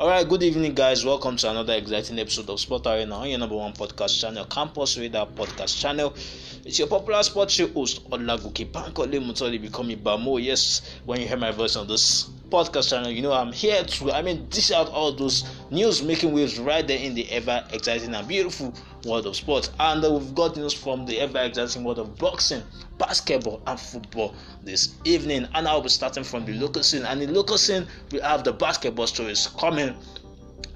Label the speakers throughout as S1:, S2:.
S1: Alright, good evening, guys. Welcome to another exciting episode of Sport Arena on your number one podcast channel, Campus Radar Podcast Channel. It's your popular sports show host, Olaguke Bankole Mutoli, becoming Bamo. Yes, when you hear my voice on this podcast channel, you know I'm here to, I mean, dish out all those news making waves right there in the ever exciting and beautiful world of sports. And uh, we've got news from the ever exciting world of boxing, basketball, and football this evening. And I'll be starting from the local scene. And the local scene, we have the basketball stories coming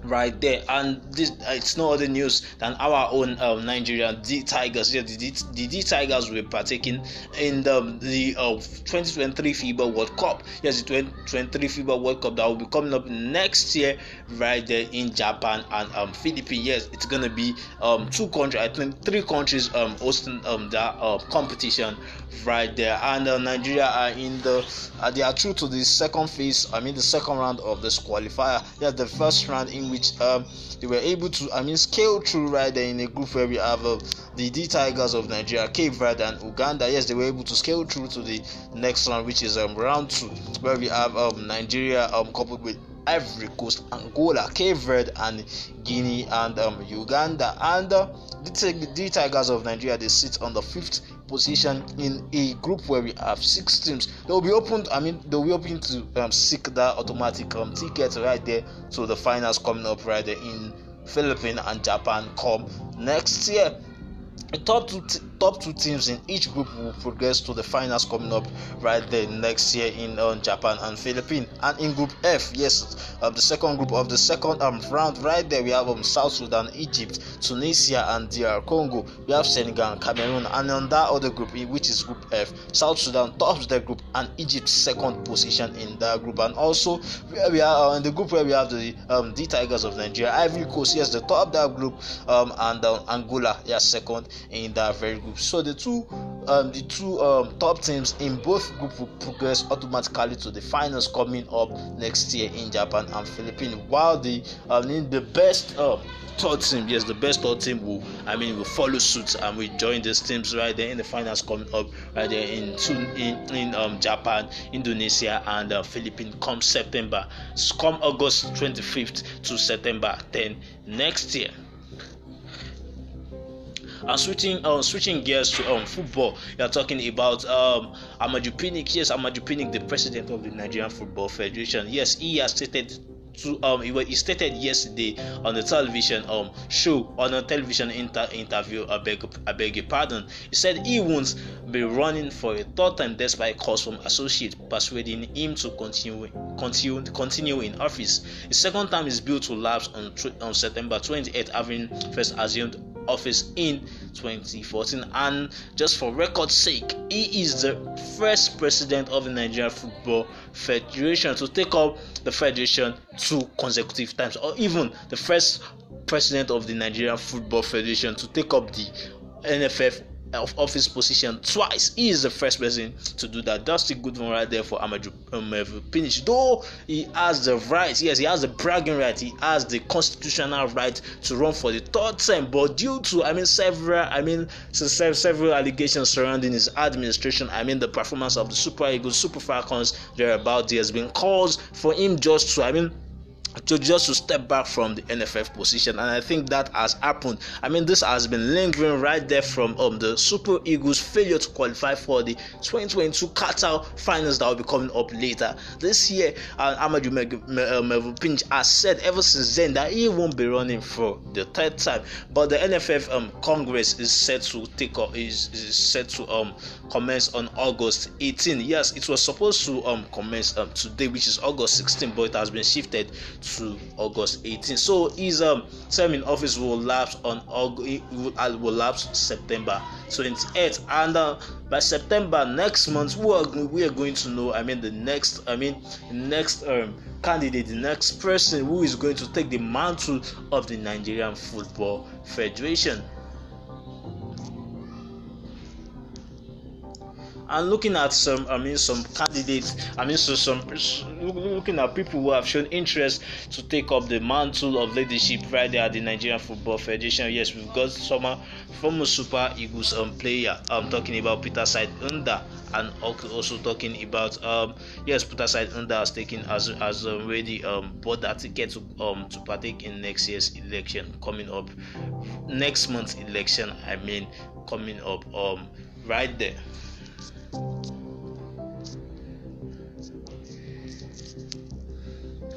S1: right there. And this uh, it's no other news than our own um, Nigerian D Tigers. Yeah, the D, the D Tigers were partaking in the the uh, 2023 FIBA World Cup. Yes, the 2023 FIBA World Cup that will be coming up next year, right there in Japan and um, Philippines. Yes, it's gonna be um, two countries, I think three countries um, hosting um, that uh, competition right there. And uh, Nigeria are in the uh, they are through to the second phase. I mean the second round of this qualifier. Yes, the first round in which um, they were able to, I mean, scale through right there in a group where we have uh, the D Tigers of Nigeria, Cape Verde, and Uganda. Yes, they were able to scale through to the next round, which is um, round two, where we have um, Nigeria um, coupled with Ivory Coast, Angola, Cape Verde, and Guinea and um, Uganda. And uh, the, D Tigers of Nigeria they sit on the fifth position in a group where we have six teams. They'll be open. I mean, they'll be open to um, seek that automatic um, ticket right there. So the finals coming up right there in Philippines and Japan come next year. The top two. T- top two teams in each group will progress to the finals coming up right there next year in uh, Japan and Philippines. And in Group F, yes, uh, the second group of the second um, round, right there we have um, South Sudan, Egypt, Tunisia, and DR Congo. We have Senegal and Cameroon. And on that other group, which is Group F, South Sudan tops the group and Egypt second position in that group. And also, we are uh, in the group where we have the um, the Tigers of Nigeria, Ivory Coast, yes, the top that group, um, and uh, Angola, yeah, second in that very group. So the two um, the two um, top teams in both groups will progress automatically to the finals coming up next year in Japan and Philippines. While the um, I mean the best uh, third team, yes, the best third team will I mean will follow suit and we join these teams right there in the finals coming up right there in in, in um, Japan, Indonesia, and uh, Philippines. Come September, come August 25th to September 10 next year. And uh, switching uh, switching gears to um, football, you're talking about um, Amadou Pinnick. Yes, Amadou Pinnick, the president of the Nigerian Football Federation. Yes, he has stated to um was stated yesterday on the television um show on a television inter- interview I beg, I beg your pardon he said he won't be running for a third time despite calls from associates persuading him to continue continue continue in office the second time is due to lapse on, on September 28 having first assumed office in 2014 and just for record's sake he is the first president of the Nigeria Football Federation to take up the federation two consecutive times, or even the first president of the Nigerian Football Federation to take up the NFF of office position twice. He is the first person to do that. That's a good one right there for Amadou um, Finish. Though he has the right, yes, he has the bragging right, he has the constitutional right to run for the third time. But due to, I mean, several, I mean, several allegations surrounding his administration, I mean, the performance of the Super Eagles, Super Falcons, thereabout, there has been calls for him just to, I mean, to just to step back from the NFF position, and I think that has happened. I mean, this has been lingering right there from um, the Super Eagles' failure to qualify for the 2022 Qatar finals that will be coming up later this year. And uh, Amadou Mevupinj has said ever since then that he won't be running for the third time. But the NFF um, Congress is set to take up is, is set to um commence on August 18. Yes, it was supposed to um commence um today, which is August 16, but it has been shifted to August 18. So his um, term in office will lapse on August, will, uh, will lapse September 28th, and uh, by September next month, we are we are going to know. I mean, the next, I mean, next um, candidate, the next person who is going to take the mantle of the Nigerian Football Federation. and looking at some i mean some candidates i mean so some looking at people who have shown interest to take up the mantle of leadership right there at the Nigerian Football Federation. Yes, we've got some former Super Eagles um, player. I'm um, talking about Peter Side Under and also talking about um yes Peter Side Under has taken as as already um bought that ticket to um to partake in next year's election coming up next month's election I mean coming up um right there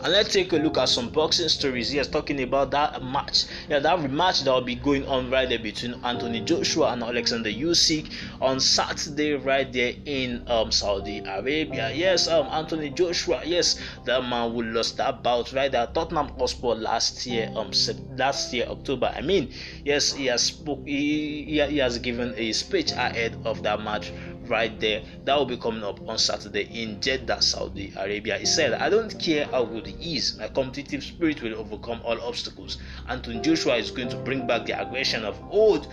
S1: And let's take a look at some boxing stories. Yes, talking about that match. Yeah, that rematch that will be going on right there between Anthony Joshua and Alexander Usyk on Saturday right there in um, Saudi Arabia. Yes, um, Anthony Joshua. Yes, that man who lost that bout right there at Tottenham Hotspur last year. Um, last year October. I mean, yes, he has spoke. He, he, he has given a speech ahead of that match right there. That will be coming up on Saturday in Jeddah, Saudi Arabia. He said, I don't care how good he is, my competitive spirit will overcome all obstacles. Anton Joshua is going to bring back the aggression of old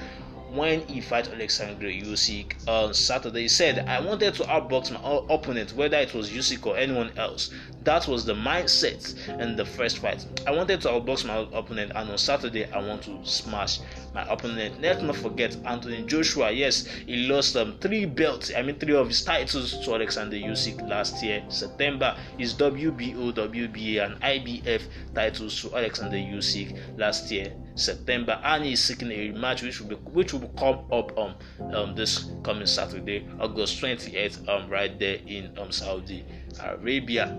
S1: when he fight Alexander Usyk on Saturday, he said, I wanted to outbox my opponent, whether it was Usyk or anyone else. That was the mindset in the first fight. I wanted to outbox my opponent, and on Saturday, I want to smash my opponent. Let's not forget Anthony Joshua. Yes, he lost um, three belts, I mean, three of his titles to Alexander Usyk last year, September. His WBO, WBA, and IBF titles to Alexander Usyk last year, September, and he's seeking a rematch, which will be which will come up on um, um, this coming Saturday, August 28th, um, right there in um, Saudi Arabia.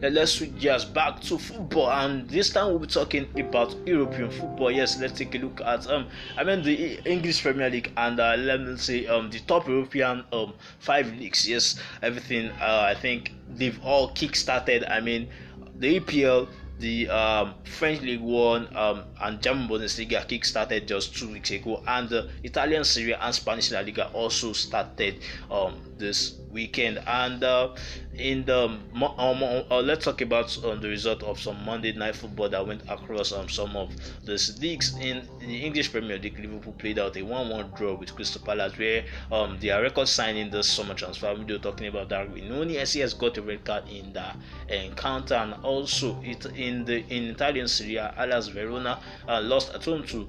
S1: Let, let's switch gears back to football, and this time we'll be talking about European football. Yes, let's take a look at um, I mean the English Premier League and uh, let me say um the top European um five leagues. Yes, everything uh, I think they've all kick-started. I mean the EPL the um, French League One um, and German Bundesliga kick started just two weeks ago, and the Italian Serie and Spanish La Liga also started um, this weekend. And uh, in the um, uh, let's talk about um, the result of some Monday night football that went across um, some of the leagues in the English Premier League. Liverpool played out a 1-1 draw with Crystal Palace, where um, their record signing this summer transfer window talking about Darwin he has got a red card in the encounter, and also it in the in Italian Serie A, Alas Verona uh, lost at home to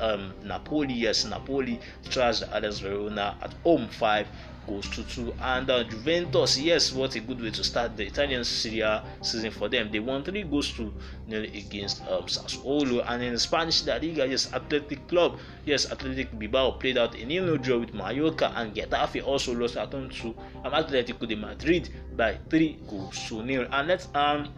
S1: um, Napoli. Yes, Napoli trashed Alas Verona at home five goals to two. And uh, Juventus, yes, what a good way to start the Italian Serie A season for them. They won three goals to nil against um, Sassuolo. And in Spanish La Liga, yes, Athletic Club, yes, Athletic Bilbao played out a nil draw with Mallorca, and Getafe also lost at home to um, Atletico de Madrid by three goals to nil. And let's um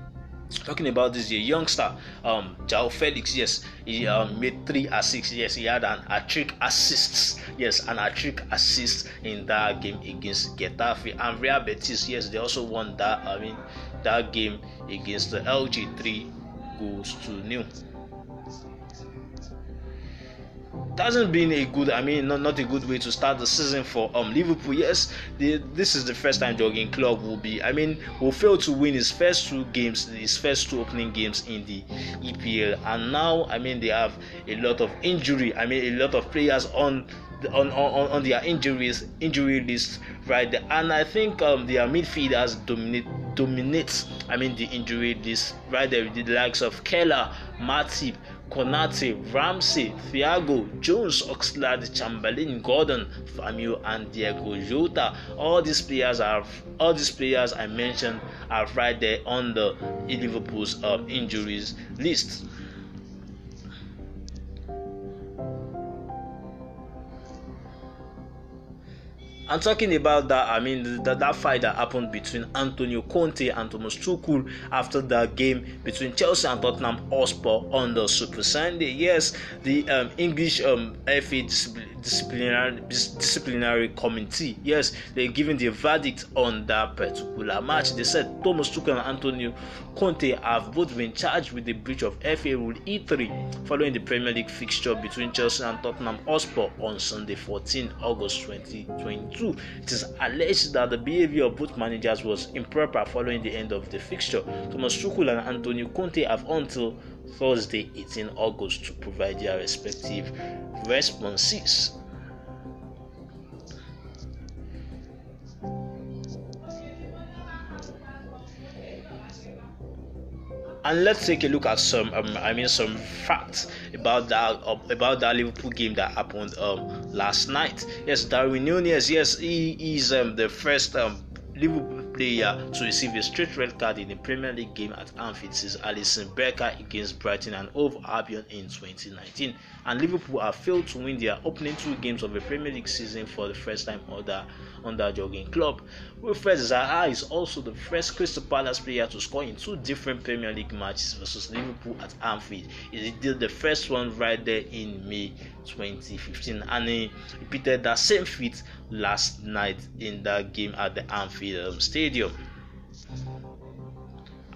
S1: talking about this year, youngster um Jao Felix, yes, he um, made three assists. Yes, he had an a trick assists. Yes, an a trick assist in that game against Getafe and Real Betis. Yes, they also won that. I mean, that game against the LG three goes to nil hasn't been a good, I mean, not, not a good way to start the season for um Liverpool. Yes, the, this is the first time Jogging club will be, I mean, will fail to win his first two games, his first two opening games in the EPL, and now, I mean, they have a lot of injury. I mean, a lot of players on on, on, on their injuries injury list right there. and i think um, their midfielders dominate dominates i mean the injury list right there the likes of keller matip Konate, Ramsey, Thiago, Jones, Oxlade, Chamberlain, Gordon, Famio, and Diego Jota. All these players are all these players I mentioned are right there on the Liverpool's um, injuries list. I'm talking about that. I mean, that, that fight that happened between Antonio Conte and Thomas Tuchel after that game between Chelsea and Tottenham Hotspur on the Super Sunday. Yes, the um, English um, FA disciplinary disciplinary committee. Yes, they given the verdict on that particular match. They said Thomas Tuchel and Antonio Conte have both been charged with the breach of FA Rule E3 following the Premier League fixture between Chelsea and Tottenham Hotspur on Sunday, 14 August 2022 two, it is alleged that the behavior of both managers was improper following the end of the fixture. Thomas Tuchel and Antonio Conte have until Thursday, 18 August, to provide their respective responses. and let's take a look at some um, i mean some facts about that uh, about that Liverpool game that happened um, last night. Yes, Darwin Nunez. Yes, he is um, the first um, Liverpool player to receive a straight red card in a Premier League game at Anfield since Alison Becker against Brighton and Hove Albion in 2019. And Liverpool have failed to win their opening two games of a Premier League season for the first time under under jogging club. Wilfred Zaha is also the first Crystal Palace player to score in two different Premier League matches versus Liverpool at Anfield. He did the first one right there in May 2015, and he repeated that same feat last night in that game at the Anfield um, Stadium.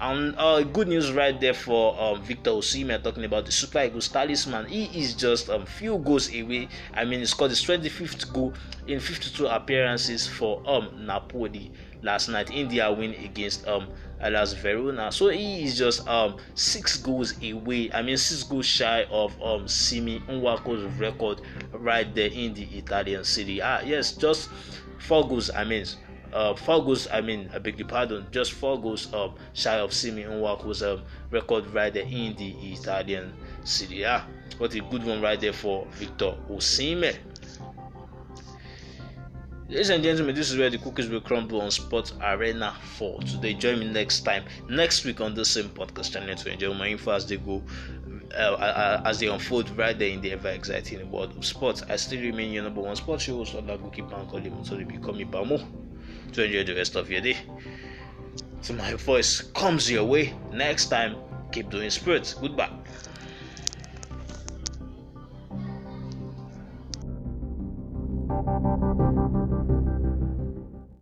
S1: And uh, good news right there for um, Victor Osimhen talking about the Super Eagles talisman. He is just a um, few goals away. I mean, he scored his 25th goal in 52 appearances for um, Napoli last night in their win against um, Alas Verona. So he is just um, six goals away. I mean, six goals shy of um, Simi Nwako's record right there in the Italian city. Ah, yes, just four goals. I mean, uh, four goals, I mean, I beg your pardon, just four goals up um, shy of Simeon was a record rider in the Italian Serie A. What a good one right there for Victor Osime. Ladies and gentlemen, this is where the cookies will crumble on Sports Arena for today. Join me next time, next week on the same podcast channel to enjoy my info as they go, uh, as they unfold right there in the ever exciting world of sports. I still remain your number one sports show host on Laguki Bank Olimotoli. Become me Bamo to enjoy the rest of your day. So my voice comes your way next time. Keep doing spirits. Goodbye.